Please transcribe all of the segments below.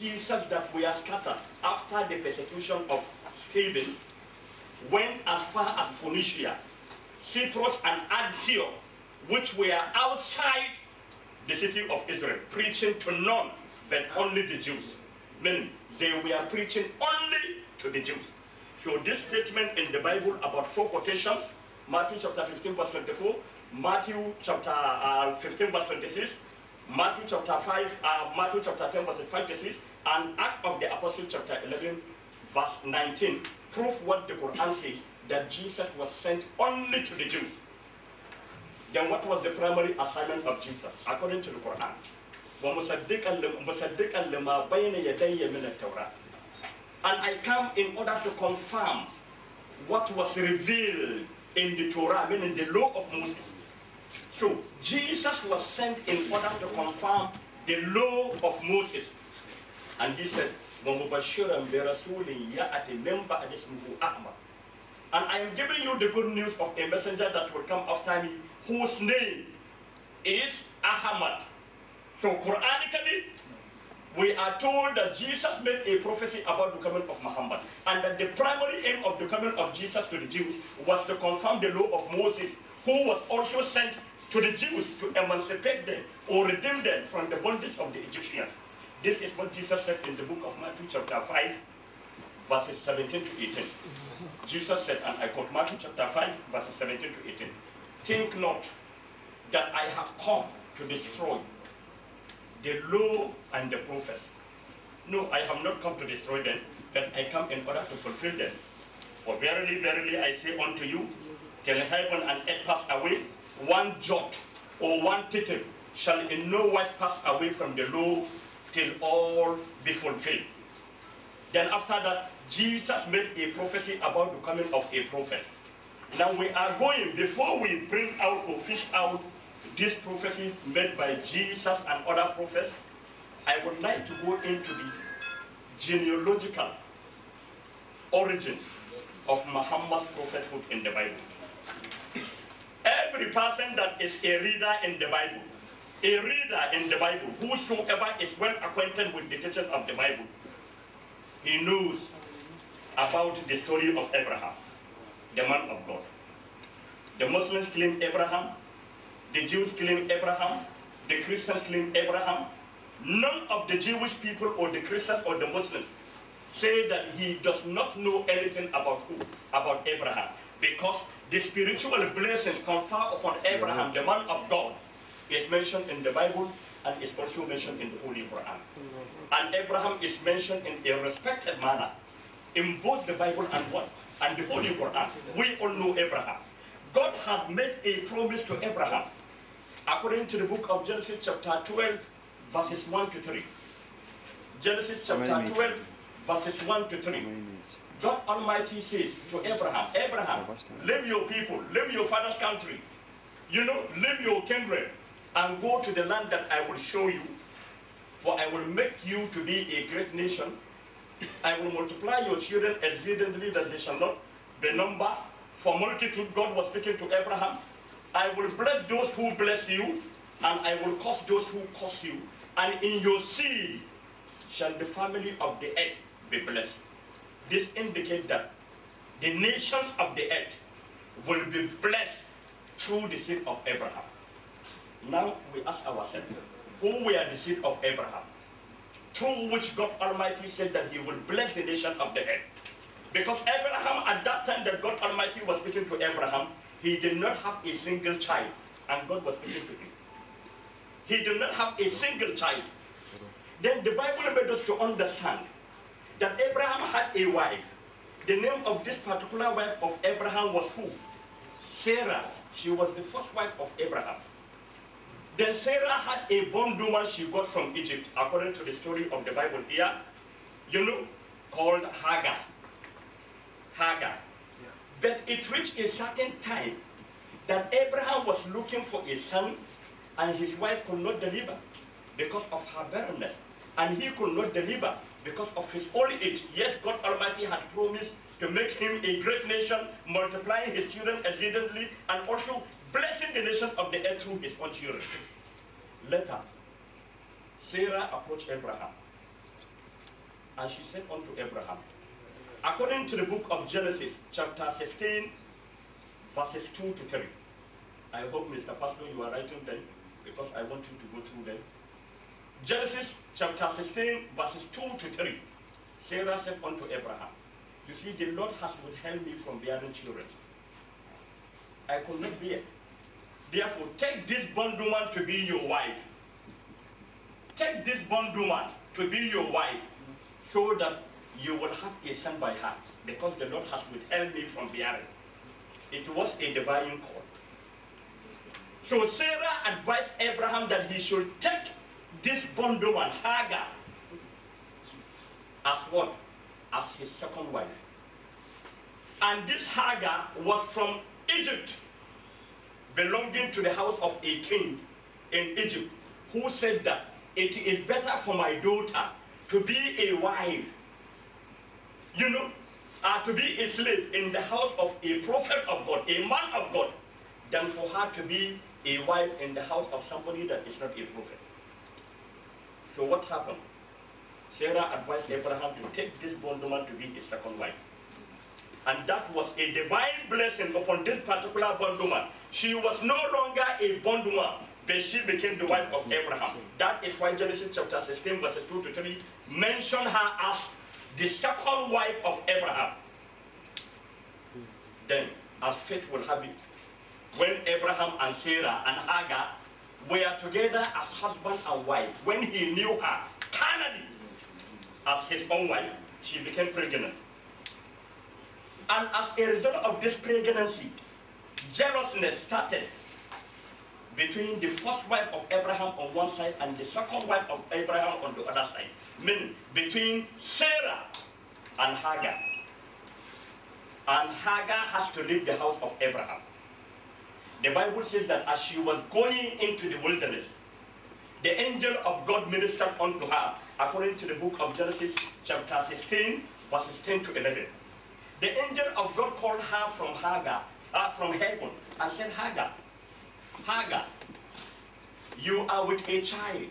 Jesus that we are scattered after the persecution of Stephen went as far as Phoenicia, Cyprus and Antioch, which were outside the city of Israel, preaching to none but only the Jews. Meaning, they were preaching only to the Jews. So this statement in the Bible about four quotations, Matthew chapter 15 verse 24, Matthew chapter uh, 15 verse 26, Matthew chapter 5, uh, Matthew chapter 10 verse 5 to 6, an act of the Apostle, chapter 11, verse 19, prove what the Quran says, that Jesus was sent only to the Jews. Then what was the primary assignment of Jesus, according to the Quran? And I come in order to confirm what was revealed in the Torah, meaning the law of Moses. So Jesus was sent in order to confirm the law of Moses. And he said, وَمُبَشِّرًا بِرَسُولٍ يَأْتِ مِنْ بَعْدِ اسْمِهُ Ahmad." And I am giving you the good news of a messenger that will come after me, whose name is Ahmad. So Quranically, we are told that Jesus made a prophecy about the coming of Muhammad and that the primary aim of the coming of Jesus to the Jews was to confirm the law of Moses, who was also sent to the Jews to emancipate them or redeem them from the bondage of the Egyptians. This is what Jesus said in the book of Matthew chapter 5, verses 17 to 18. Jesus said, and I quote Matthew chapter 5, verses 17 to 18, Think not that I have come to destroy the law and the prophets. No, I have not come to destroy them, but I come in order to fulfill them. For verily, verily, I say unto you, till heaven and earth pass away, one jot or one tittle shall in no wise pass away from the law till all be fulfilled. Then after that, Jesus made a prophecy about the coming of a prophet. Now we are going, before we bring out or fish out this prophecy made by Jesus and other prophets, I would like to go into the genealogical origin of Muhammad's prophethood in the Bible. Every person that is a reader in the Bible a reader in the Bible, whosoever is well acquainted with the teaching of the Bible, he knows about the story of Abraham, the man of God. The Muslims claim Abraham, the Jews claim Abraham, the Christians claim Abraham. None of the Jewish people or the Christians or the Muslims say that he does not know anything about who? About Abraham. Because the spiritual blessings conferred upon Abraham, the man of God, mentioned in the Bible and is also mentioned in the Holy Quran. And Abraham is mentioned in a respected manner in both the Bible and what? And the Holy Quran. We all know Abraham. God had made a promise to Abraham according to the book of Genesis chapter 12 verses 1 to 3. Genesis chapter 12 verses 1 to 3. God Almighty says to Abraham, Abraham, leave your people, leave your father's country, you know, leave your kindred, and go to the land that I will show you, for I will make you to be a great nation. I will multiply your children exceedingly that they shall not be numbered. For multitude, God was speaking to Abraham. I will bless those who bless you, and I will curse those who curse you. And in your seed shall the family of the earth be blessed. This indicates that the nations of the earth will be blessed through the seed of Abraham. Now we ask ourselves, who were the seed of Abraham, through which God Almighty said that he will bless the nations of the earth. Because Abraham, at that time that God Almighty was speaking to Abraham, he did not have a single child, and God was speaking to him. He did not have a single child. Then the Bible made us to understand that Abraham had a wife. The name of this particular wife of Abraham was who? Sarah. She was the first wife of Abraham. Then Sarah had a bondwoman she got from Egypt, according to the story of the Bible here, you know, called Hagar. Hagar. Yeah. But it reached a certain time that Abraham was looking for a son and his wife could not deliver because of her barrenness. And he could not deliver because of his old age. Yet God Almighty had promised to make him a great nation, multiplying his children exceedingly, and also blessing the nation of the earth through his own children. Later, Sarah approached Abraham, and she said unto Abraham, according to the book of Genesis, chapter 16, verses 2 to 3. I hope, Mr. Pastor, you are writing them, because I want you to go through them. Genesis chapter 16, verses 2 to 3. Sarah said unto Abraham, you see, the Lord has withheld me from bearing children. I could not bear. Therefore, take this bondwoman to be your wife. Take this bondwoman to be your wife so that you will have a son by her because the Lord has withheld me from bearing. It was a divine call. So Sarah advised Abraham that he should take this bondwoman, Hagar, as what? as his second wife. And this Hagar was from Egypt, belonging to the house of a king in Egypt, who said that it is better for my daughter to be a wife, you know, uh, to be a slave in the house of a prophet of God, a man of God, than for her to be a wife in the house of somebody that is not a prophet. So what happened? Sarah advised Abraham to take this bondwoman to be his second wife. And that was a divine blessing upon this particular bondwoman. She was no longer a bondwoman, but she became the wife of Abraham. That is why Genesis chapter 16, verses 2 to 3 mention her as the second wife of Abraham. Then, as fate will have it, when Abraham and Sarah and Hagar were together as husband and wife, when he knew her Canaan as his own wife, she became pregnant. And as a result of this pregnancy, jealousness started between the first wife of Abraham on one side and the second wife of Abraham on the other side. Meaning between Sarah and Hagar. And Hagar has to leave the house of Abraham. The Bible says that as she was going into the wilderness, the angel of God ministered unto her, according to the book of Genesis, chapter 16, verses 10 to 11. The angel of God called her from Hagar, uh, from heaven, and said, Hagar, Hagar, you are with a child,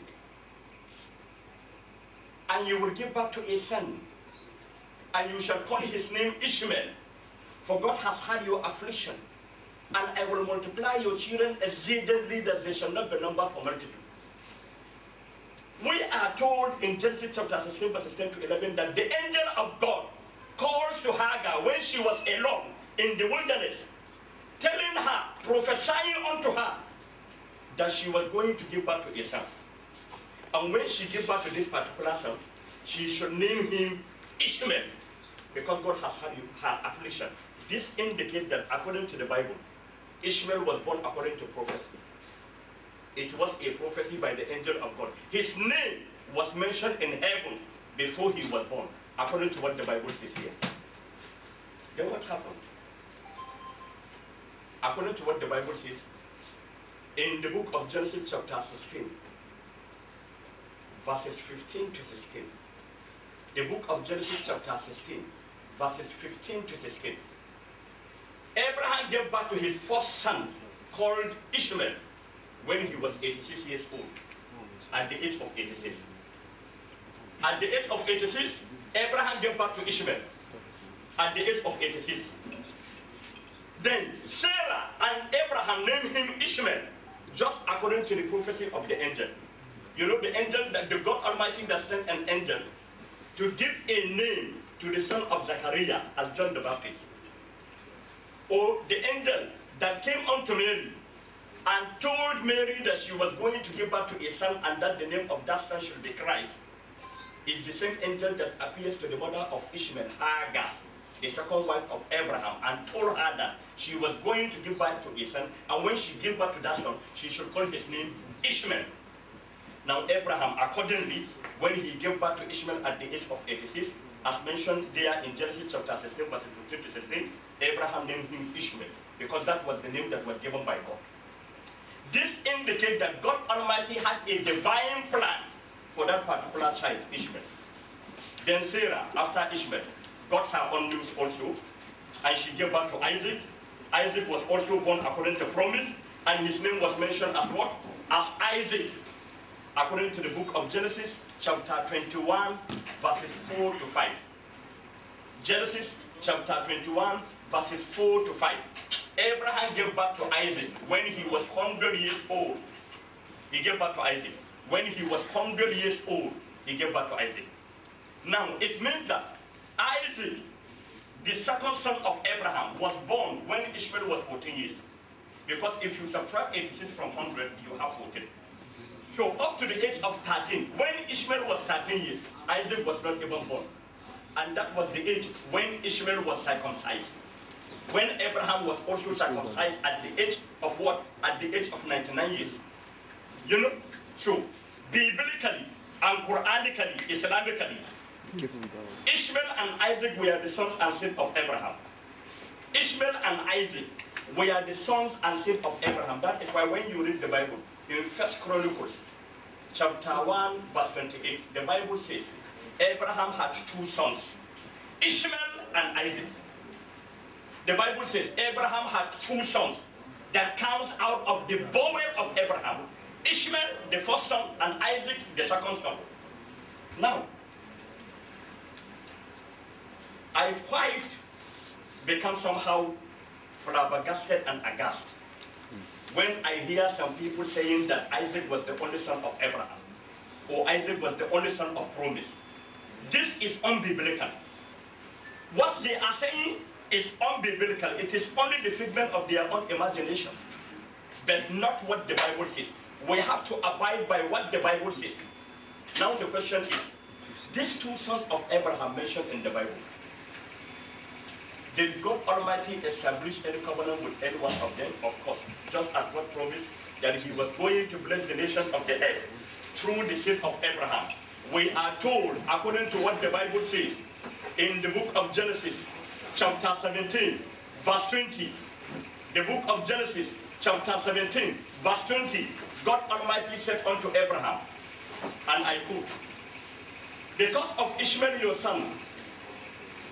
and you will give birth to a son, and you shall call his name Ishmael, for God has had your affliction, and I will multiply your children exceedingly that they shall not be numbered for multitude. We are told in Genesis chapter 16, verses 10 to 11, that the angel of God calls to Hagar when she was alone in the wilderness, telling her, prophesying unto her, that she was going to give birth to a son. And when she gave birth to this particular son, she should name him Ishmael, because God has had her affliction. This indicates that according to the Bible, Ishmael was born according to prophecy. It was a prophecy by the angel of God. His name was mentioned in heaven before he was born, according to what the Bible says here. Then what happened? According to what the Bible says, in the book of Genesis chapter 16, verses 15 to 16. The book of Genesis chapter 16, verses 15 to 16. Abraham gave birth to his first son, called Ishmael when he was 86 years old, at the age of 86. At the age of 86, Abraham gave back to Ishmael. At the age of 86. Then Sarah and Abraham named him Ishmael, just according to the prophecy of the angel. You know, the angel that the God Almighty that sent an angel to give a name to the son of Zachariah as John the Baptist. Or oh, the angel that came unto Mary and told Mary that she was going to give birth to a son and that the name of that son should be Christ is the same angel that appears to the mother of Ishmael, Hagar, the second wife of Abraham, and told her that she was going to give birth to a son, and when she gave birth to that son, she should call his name Ishmael. Now Abraham, accordingly, when he gave birth to Ishmael at the age of 86, as mentioned there in Genesis chapter 16, verses 15 to 16, Abraham named him Ishmael, because that was the name that was given by God. This indicates that God Almighty had a divine plan for that particular child, Ishmael. Then Sarah, after Ishmael, got her own news also, and she gave birth to Isaac. Isaac was also born according to promise, and his name was mentioned as what? As Isaac, according to the book of Genesis, chapter 21, verses 4 to 5. Genesis, chapter 21, verses 4 to 5. Abraham gave back to Isaac when he was 100 years old. He gave birth to Isaac. When he was 100 years old, he gave birth to Isaac. Now, it means that Isaac, the second son of Abraham, was born when Ishmael was 14 years. Because if you subtract 86 from 100, you have 14. So up to the age of 13, when Ishmael was 13 years, Isaac was not even born. And that was the age when Ishmael was circumcised when Abraham was also circumcised at the age of what? At the age of 99 years. You know? So, biblically and Quranically, Islamically, Ishmael and Isaac were the sons and sons of Abraham. Ishmael and Isaac were the sons and sons of Abraham. That is why when you read the Bible, in First Chronicles, chapter 1, verse 28, the Bible says, Abraham had two sons, Ishmael and Isaac. The Bible says Abraham had two sons that comes out of the bowel of Abraham. Ishmael, the first son, and Isaac, the second son. Now, I quite become somehow flabbergasted and aghast when I hear some people saying that Isaac was the only son of Abraham, or Isaac was the only son of promise. This is unbiblical. What they are saying is unbiblical. It is only the figment of their own imagination, but not what the Bible says. We have to abide by what the Bible says. Now the question is, these two sons of Abraham mentioned in the Bible, did God Almighty establish any covenant with any one of them? Of course, just as God promised that he was going to bless the nations of the earth through the seed of Abraham. We are told, according to what the Bible says, in the book of Genesis, chapter 17, verse 20. The book of Genesis, chapter 17, verse 20. God Almighty said unto Abraham, and I quote, Because of Ishmael your son,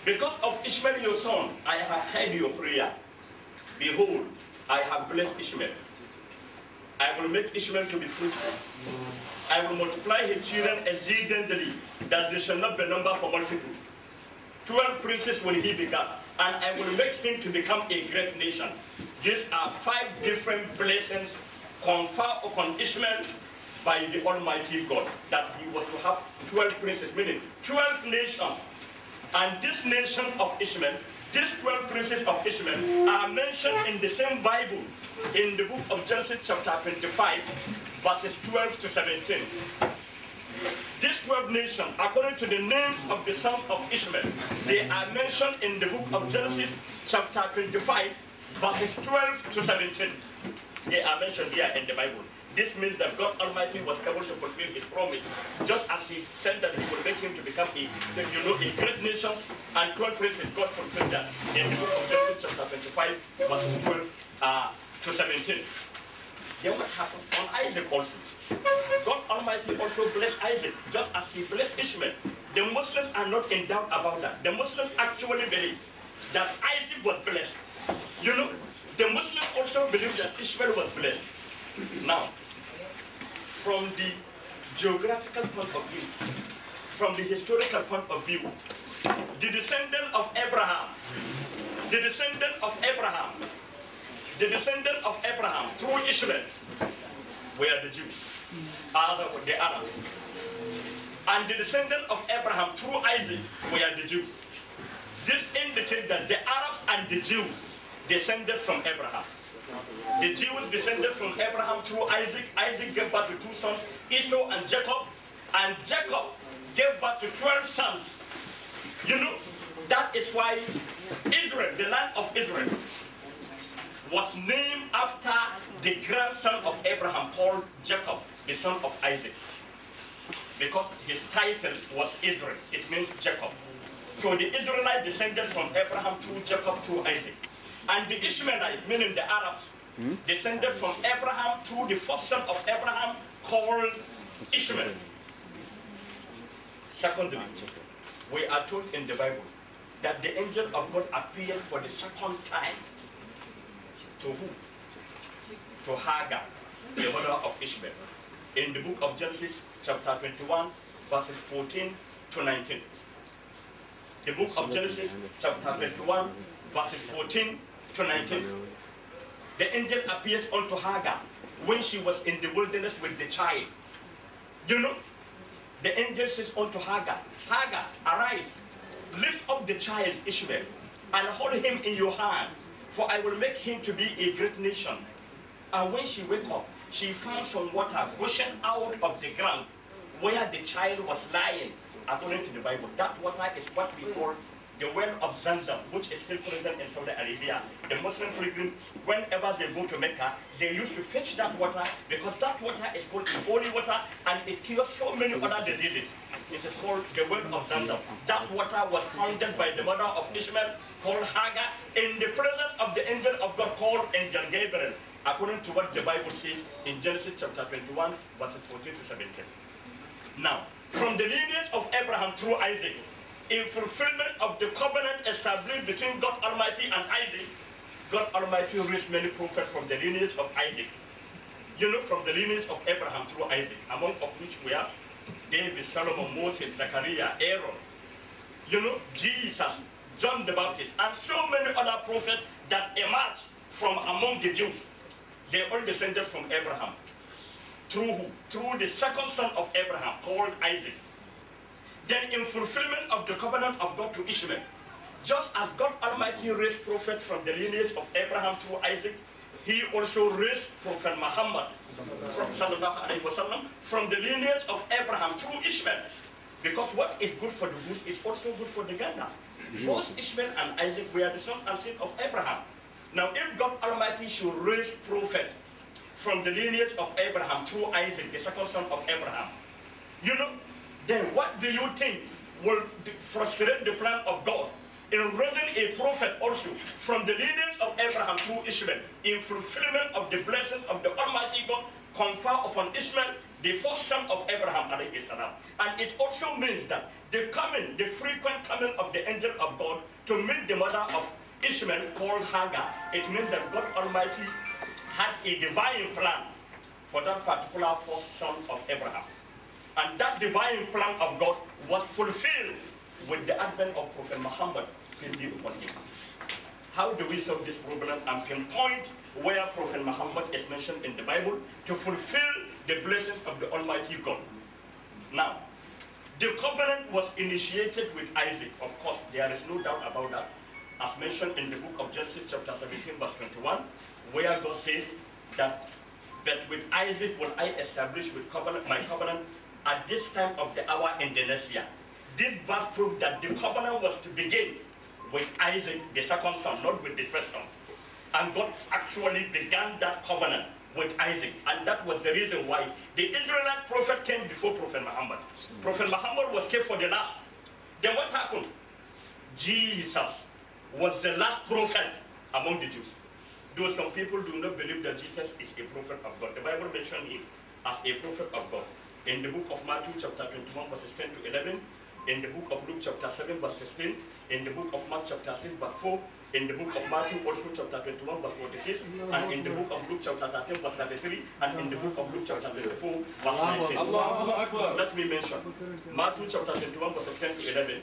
because of Ishmael your son, I have heard your prayer. Behold, I have blessed Ishmael. I will make Ishmael to be fruitful. I will multiply his children exceedingly, that they shall not be numbered for multitude. 12 princes will he begat, and I will make him to become a great nation. These are five different blessings conferred upon Ishmael by the Almighty God, that he was to have 12 princes, meaning 12 nations. And this nation of Ishmael, these 12 princes of Ishmael are mentioned in the same Bible, in the book of Genesis chapter 25, verses 12 to 17. These 12 nations, according to the names of the sons of Ishmael, they are mentioned in the book of Genesis, chapter 25, verses 12 to 17. They are mentioned here in the Bible. This means that God Almighty was able to fulfill his promise, just as he said that he would make him to become a, you know, a great nation and 12 princes. God fulfilled that in the book of Genesis, chapter 25, verses 12 uh, to 17. Then what happened on Isaac also? God Almighty also blessed Isaac, just as he blessed Ishmael. The Muslims are not in doubt about that. The Muslims actually believe that Isaac was blessed. You know, the Muslims also believe that Ishmael was blessed. Now, from the geographical point of view, from the historical point of view, the descendant of Abraham, the descendant of Abraham, the descendant of Abraham through Ishmael were the Jews. Other of the Arab. And the descendants of Abraham through Isaac were the Jews. This indicates that the Arabs and the Jews descended from Abraham. The Jews descended from Abraham through Isaac. Isaac gave birth to two sons, Esau and Jacob. And Jacob gave birth to 12 sons. You know, that is why Israel, the land of Israel, was named after the grandson of Abraham called Jacob, the son of Isaac. Because his title was Israel, it means Jacob. So the Israelite descended from Abraham through Jacob through Isaac. And the Ishmaelite, meaning the Arabs, hmm? descended from Abraham through the first son of Abraham called Ishmael. Secondly, we are told in the Bible that the angel of God appeared for the second time to whom? To Hagar, the mother of Ishmael. In the book of Genesis, chapter 21, verses 14 to 19. The book of Genesis, chapter 21, verses 14 to 19. The angel appears unto Hagar when she was in the wilderness with the child. You know, the angel says unto Hagar, Hagar, arise, lift up the child Ishmael, and hold him in your hand, for I will make him to be a great nation. And when she went up, she found some water gushing out of the ground where the child was lying, according to the Bible. That water is what we call the well of Zanzam, which is still present in Saudi Arabia. The Muslim pilgrims, whenever they go to Mecca, they used to fetch that water because that water is called holy water and it cures so many other diseases. It is called the well of Zamzam. That water was founded by the mother of Ishmael called Hagar in the presence of the angel of God called Angel Gabriel, according to what the Bible says in Genesis chapter 21, verses 14 to 17. Now, from the lineage of Abraham through Isaac, in fulfillment of the covenant established between God Almighty and Isaac, God Almighty raised many prophets from the lineage of Isaac. You know, from the lineage of Abraham through Isaac, among of which we are David, Solomon, Moses, Zachariah, Aaron, you know, Jesus, John the Baptist, and so many other prophets that emerged from among the Jews. They all descended from Abraham. Through who? Through the second son of Abraham, called Isaac. Then in fulfillment of the covenant of God to Ishmael, just as God Almighty raised prophets from the lineage of Abraham through Isaac, he also raised Prophet Muhammad from, the lineage of Abraham through Ishmael. Because what is good for the goose is also good for the gander. Both Ishmael and Isaac were the sons and sons of Abraham. Now, if God Almighty should raise prophet from the lineage of Abraham through Isaac, the second son of Abraham, you know, then what do you think will frustrate the plan of God in raising a prophet also from the lineage of Abraham through Ishmael, in fulfillment of the blessings of the Almighty God conferred upon Ishmael, the first son of Abraham, salam. And it also means that the coming, the frequent coming of the angel of God to meet the mother of Ishmael called Hagar. It means that God Almighty had a divine plan for that particular first son of Abraham. And that divine plan of God was fulfilled with the advent of Prophet Muhammad, peace be upon him. How do we solve this problem and pinpoint where Prophet Muhammad is mentioned in the Bible to fulfill the blessings of the Almighty God? Now, the covenant was initiated with Isaac, of course, there is no doubt about that. As mentioned in the book of Genesis chapter 17 verse 21, where God says that, that with Isaac will I establish with covenant, my covenant at this time of the hour in the next year. This verse proves that the covenant was to begin with Isaac, the second son, not with the first son. And God actually began that covenant with Isaac. And that was the reason why the Israelite prophet came before Prophet Muhammad. Mm. Prophet Muhammad was kept for the last. Then what happened? Jesus was the last prophet among the Jews. Though some people do not believe that Jesus is a prophet of God. The Bible mentions him as a prophet of God. In the book of Matthew chapter 21 verses 10 to 11, in the book of Luke chapter 7 verse 16, in the book of Mark chapter 6 verse 4, in the book of Matthew also chapter 21 verse 46, and in the book of Luke chapter 13 verse 33, and in the book of Luke chapter 24 verse 19. Let me mention Matthew chapter 21 verse 10 to 11,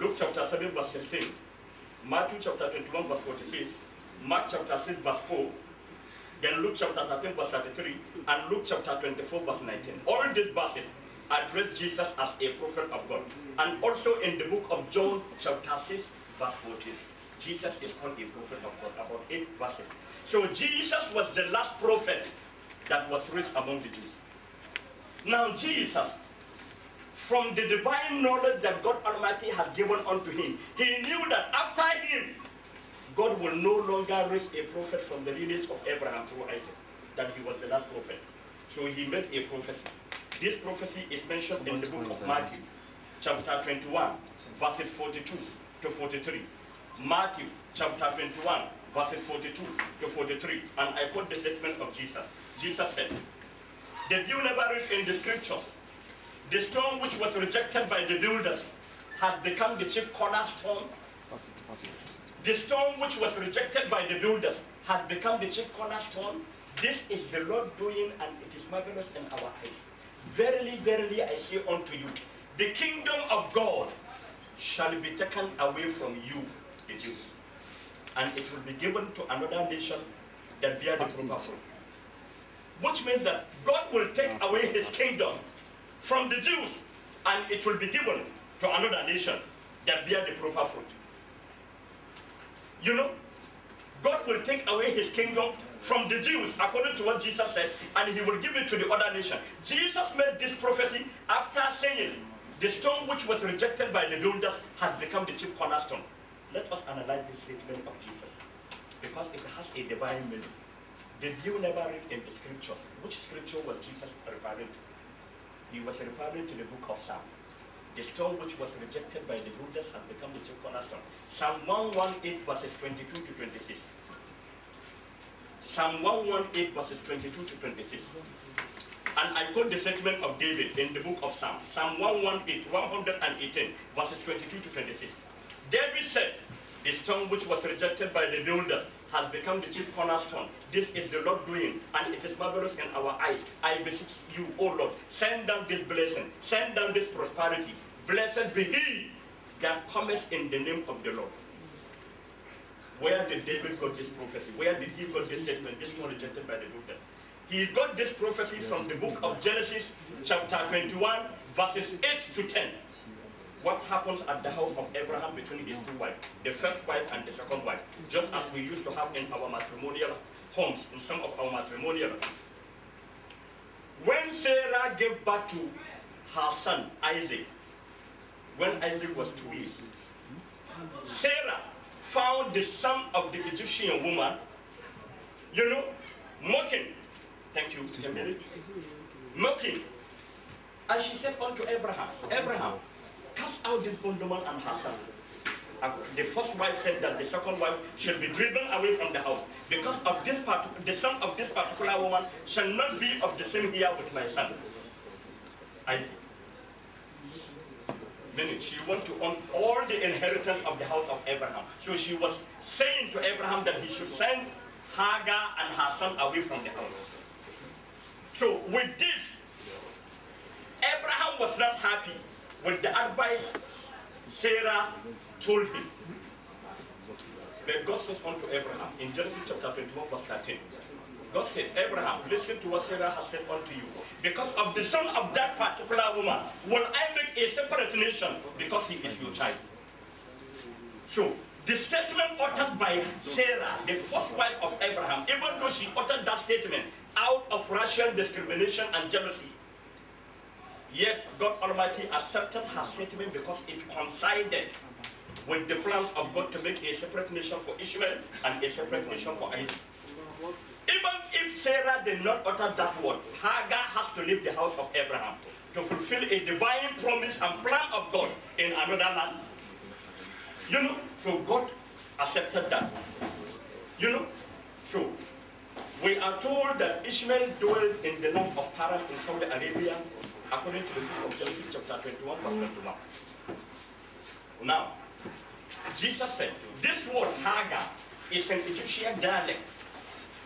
Luke chapter 7 verse 16, Matthew chapter 21 verse 46, Mark chapter 6 verse 4, then Luke chapter 13 verse 33, and Luke chapter 24 verse 19. All these verses addressed Jesus as a prophet of God. And also in the book of John, chapter 6, verse 14. Jesus is called a prophet of God, about eight verses. So Jesus was the last prophet that was raised among the Jews. Now Jesus, from the divine knowledge that God Almighty had given unto him, he knew that after him, God will no longer raise a prophet from the lineage of Abraham through Isaac, that he was the last prophet. So he made a prophecy. This prophecy is mentioned in the book of Matthew, chapter 21, verses 42 to 43. Matthew, chapter 21, verses 42 to 43. And I quote the statement of Jesus. Jesus said, Did you never read in the scriptures, the stone which was rejected by the builders has become the chief cornerstone? The stone which was rejected by the builders has become the chief cornerstone. This is the Lord doing, and it is marvelous in our eyes. Verily, verily, I say unto you, the kingdom of God shall be taken away from you, Jews, and it will be given to another nation that bear the proper fruit. Which means that God will take away his kingdom from the Jews, and it will be given to another nation that bear the proper fruit. You know, God will take away his kingdom from the Jews, according to what Jesus said, and he will give it to the other nation. Jesus made this prophecy after saying, the stone which was rejected by the builders has become the chief cornerstone. Let us analyze this statement of Jesus, because it has a divine meaning. Did you never read in the scriptures? Which scripture was Jesus referring to? He was referring to the book of Psalm. The stone which was rejected by the builders has become the chief cornerstone. Psalm 118 verses 22 to 26. Psalm 118 verses 22 to 26. And I quote the statement of David in the book of Psalm, Psalm 118, 118 verses 22 to 26. David said, the stone which was rejected by the builders has become the chief cornerstone. This is the Lord doing, and it is marvelous in our eyes. I beseech you, O Lord, send down this blessing, send down this prosperity. Blessed be he that cometh in the name of the Lord. Where did David got this prophecy? Where did he got this statement, this rejected by the doctors? He got this prophecy from the book of Genesis, chapter 21, verses 8 to 10. What happens at the house of Abraham between his two wives, the first wife and the second wife, just as we used to have in our matrimonial homes, in some of our matrimonial homes. When Sarah gave birth to her son, Isaac, when Isaac was two years, Sarah found the son of the Egyptian woman, you know, mocking. Thank you, Mocking. And she said unto Abraham, Abraham, cast out this bondwoman and her son. The first wife said that the second wife should be driven away from the house because of this part, the son of this particular woman shall not be of the same here with my son. Isaac meaning she wants to own all the inheritance of the house of Abraham. So she was saying to Abraham that he should send Hagar and her son away from the house. So with this, Abraham was not happy with the advice Sarah told him. But God says unto Abraham in Genesis chapter 21, verse 13, God says, Abraham, listen to what Sarah has said unto you. Because of the son of that particular woman, will I make a separate nation because he is your child. So, the statement uttered by Sarah, the first wife of Abraham, even though she uttered that statement out of racial discrimination and jealousy, yet God Almighty accepted her statement because it coincided with the plans of God to make a separate nation for Ishmael and a separate nation for Isaac. Even if Sarah did not utter that word, Hagar has to leave the house of Abraham to fulfill a divine promise and plan of God in another land. You know, so God accepted that. You know, so we are told that Ishmael dwelt in the land of Paran in Saudi Arabia, according to the book of Genesis chapter 21, verse 21. Now, Jesus said, this word Hagar is an Egyptian dialect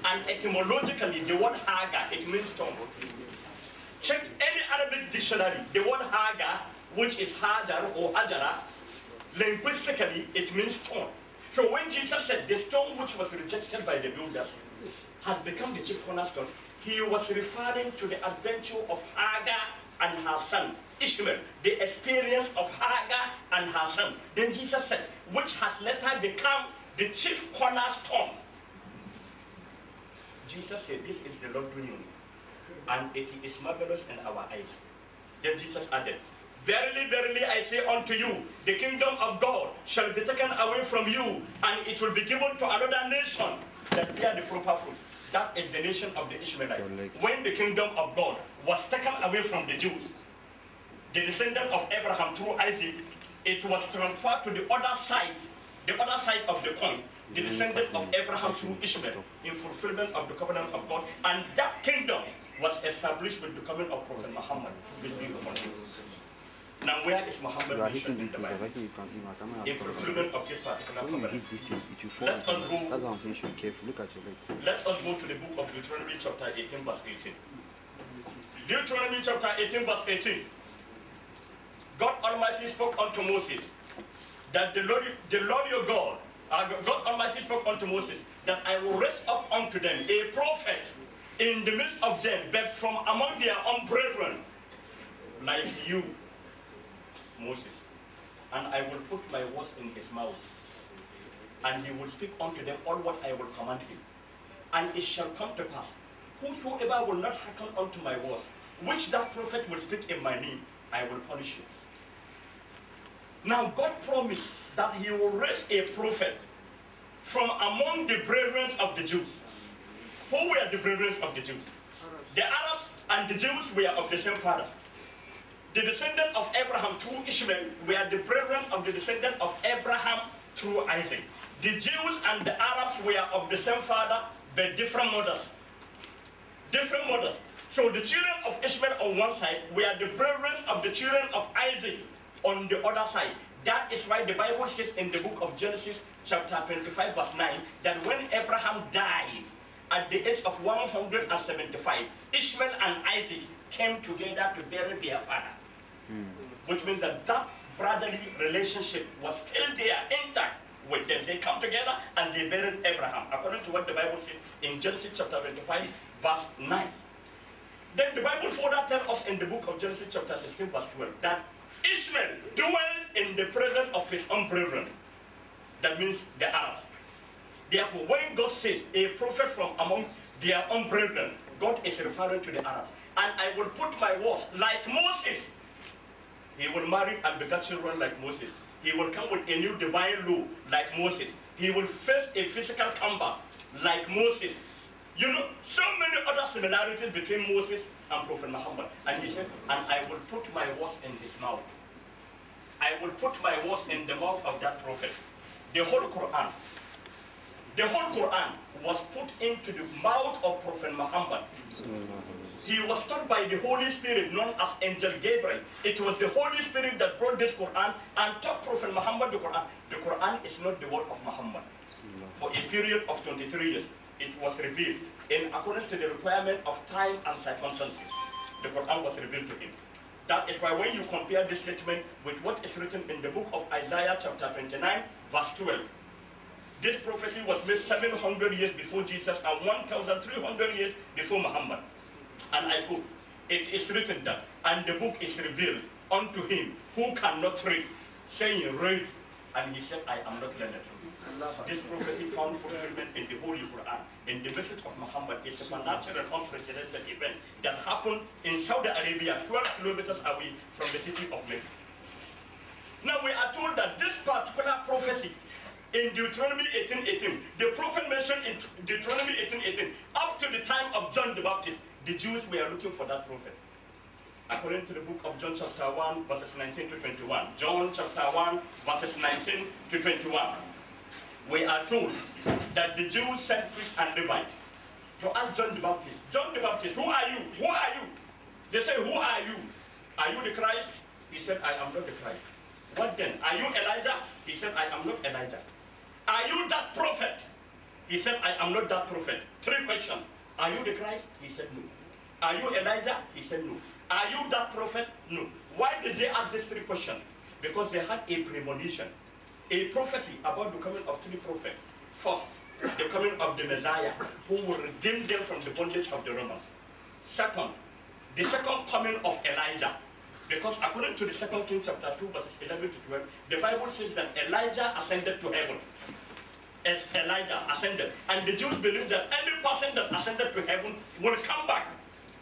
and etymologically the word haga, it means stumble. Check any Arabic dictionary, the word haga, which is hajar or hajara, linguistically it means stone. So when Jesus said the stone which was rejected by the builders has become the chief cornerstone, he was referring to the adventure of Hagar and her son, Ishmael, the experience of Hagar and her son. Then Jesus said, which has later become the chief cornerstone Jesus said, this is the Lord doing and it is marvelous in our eyes. Then Jesus added, Verily, verily, I say unto you, the kingdom of God shall be taken away from you, and it will be given to another nation that bear the proper fruit. That is the nation of the Ishmaelites. When the kingdom of God was taken away from the Jews, the descendant of Abraham through Isaac, it was transferred to the other side, the other side of the coin, the descendant of Abraham through Ishmael, in fulfillment of the covenant of God, and that kingdom was established with the coming of Prophet Muhammad, peace be upon him. Now where is Muhammad mentioned in the Bible? In fulfillment of this particular covenant. Let us go, That's what I'm saying, should careful. Look at your leg. Let us go to the book of Deuteronomy chapter 18 verse 18. Deuteronomy chapter 18 verse 18. God Almighty spoke unto Moses that the Lord, the Lord your God God Almighty spoke unto Moses that I will raise up unto them a prophet in the midst of them, but from among their own brethren, like you, Moses. And I will put my words in his mouth, and he will speak unto them all what I will command him. And it shall come to pass, whosoever will not hearken unto my words, which that prophet will speak in my name, I will punish him. Now God promised that he will raise a prophet from among the brethren of the Jews. Who were the brethren of the Jews? The Arabs and the Jews were of the same father. The descendant of Abraham through Ishmael were the brethren of the descendant of Abraham through Isaac. The Jews and the Arabs were of the same father, but different mothers. Different mothers. So the children of Ishmael on one side were the brethren of the children of Isaac on the other side. That is why the Bible says in the book of Genesis, chapter 25, verse 9, that when Abraham died at the age of 175, Ishmael and Isaac came together to bury their father. Mm. Which means that that brotherly relationship was still there, intact with them. They come together and they buried Abraham, according to what the Bible says in Genesis chapter 25, verse 9. Then the Bible further tells us in the book of Genesis chapter 16, verse 12, that Ishmael dwelled in the presence of his own brethren. That means the Arabs. Therefore, when God says a prophet from among their own brethren, God is referring to the Arabs. And I will put my words like Moses. He will marry and beget children like Moses. He will come with a new divine law like Moses. He will face a physical combat like Moses. You know, so many other similarities between Moses and Prophet Muhammad. And he said, and I will put my words in his mouth. I will put my words in the mouth of that prophet. The whole Quran. The whole Quran was put into the mouth of Prophet Muhammad. He was taught by the Holy Spirit, known as Angel Gabriel. It was the Holy Spirit that brought this Quran and taught Prophet Muhammad the Quran. The Quran is not the word of Muhammad. For a period of 23 years, it was revealed in accordance to the requirement of time and circumstances. The Quran was revealed to him. That is why when you compare this statement with what is written in the book of Isaiah chapter 29, verse 12, this prophecy was made 700 years before Jesus and 1,300 years before Muhammad. And I quote, it is written that, and the book is revealed unto him who cannot read, saying, read. And he said, I am not learned. This prophecy found fulfillment in the Holy Quran. In the message of Muhammad it is a supernatural, unprecedented event that happened in Saudi Arabia, 12 kilometers away from the city of Mecca. Now we are told that this particular prophecy in Deuteronomy 18:18, the prophet mentioned in Deuteronomy 18:18, up to the time of John the Baptist, the Jews were looking for that prophet according to the book of John chapter 1, verses 19 to 21. John chapter 1, verses 19 to 21 we are told that the Jews sent priests and Levites to ask John the Baptist, John the Baptist, who are you? Who are you? They say, who are you? Are you the Christ? He said, I am not the Christ. What then? Are you Elijah? He said, I am not Elijah. Are you that prophet? He said, I am not that prophet. Three questions. Are you the Christ? He said, no. Are you Elijah? He said, no. Are you that prophet? No. Why did they ask these three questions? Because they had a premonition a prophecy about the coming of three prophets. First, the coming of the Messiah, who will redeem them from the bondage of the Romans. Second, the second coming of Elijah. Because according to the second King chapter 2, verses 11 to 12, the Bible says that Elijah ascended to heaven. As Elijah ascended. And the Jews believe that any person that ascended to heaven will come back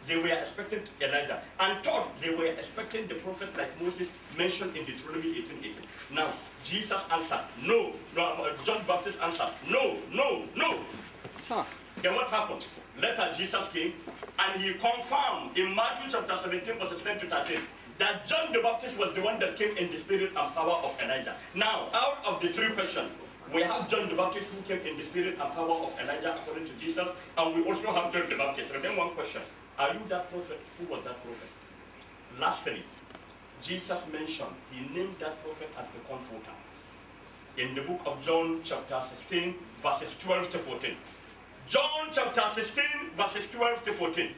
they were expecting Elijah, and third, they were expecting the prophet like Moses mentioned in Deuteronomy eighteen eight. Now, Jesus answered, no. no. Uh, John Baptist answered, no, no, no. Huh. Then what happened? Later, Jesus came, and he confirmed in Matthew chapter 17, verses 10 to 13, that John the Baptist was the one that came in the spirit and power of Elijah. Now, out of the three questions, we have John the Baptist who came in the spirit and power of Elijah according to Jesus, and we also have John the Baptist. Remember one question. Are you that prophet? Who was that prophet? Lastly, Jesus mentioned, he named that prophet as the comforter. In the book of John chapter 16, verses 12 to 14. John chapter 16, verses 12 to 14.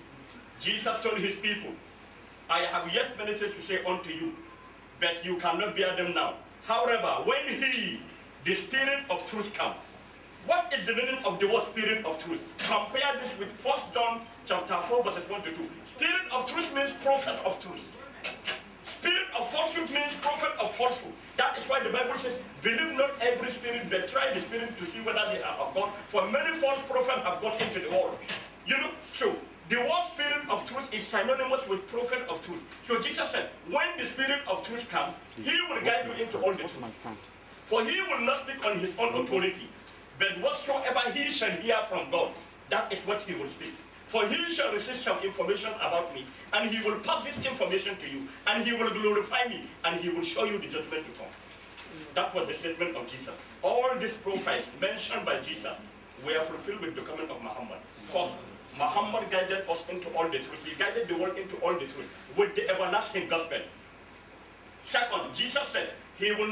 Jesus told his people, I have yet many things to say unto you, but you cannot bear them now. However, when he, the Spirit of truth comes, what is the meaning of the word spirit of truth? Compare this with 1 John chapter 4, verses 1 to 2. Spirit of truth means prophet of truth. Spirit of falsehood means prophet of falsehood. That is why the Bible says, believe not every spirit, but try the spirit to see whether they are of God. For many false prophets have got into the world. You know, so the word spirit of truth is synonymous with prophet of truth. So Jesus said, when the spirit of truth comes, he will guide you into all the truth. For he will not speak on his own authority, but whatsoever he shall hear from God, that is what he will speak. For he shall receive some information about me, and he will pass this information to you, and he will glorify me, and he will show you the judgment to come. That was the statement of Jesus. All these prophets mentioned by Jesus were fulfilled with the coming of Muhammad. First, Muhammad guided us into all the truth. He guided the world into all the truth with the everlasting gospel. Second, Jesus said he will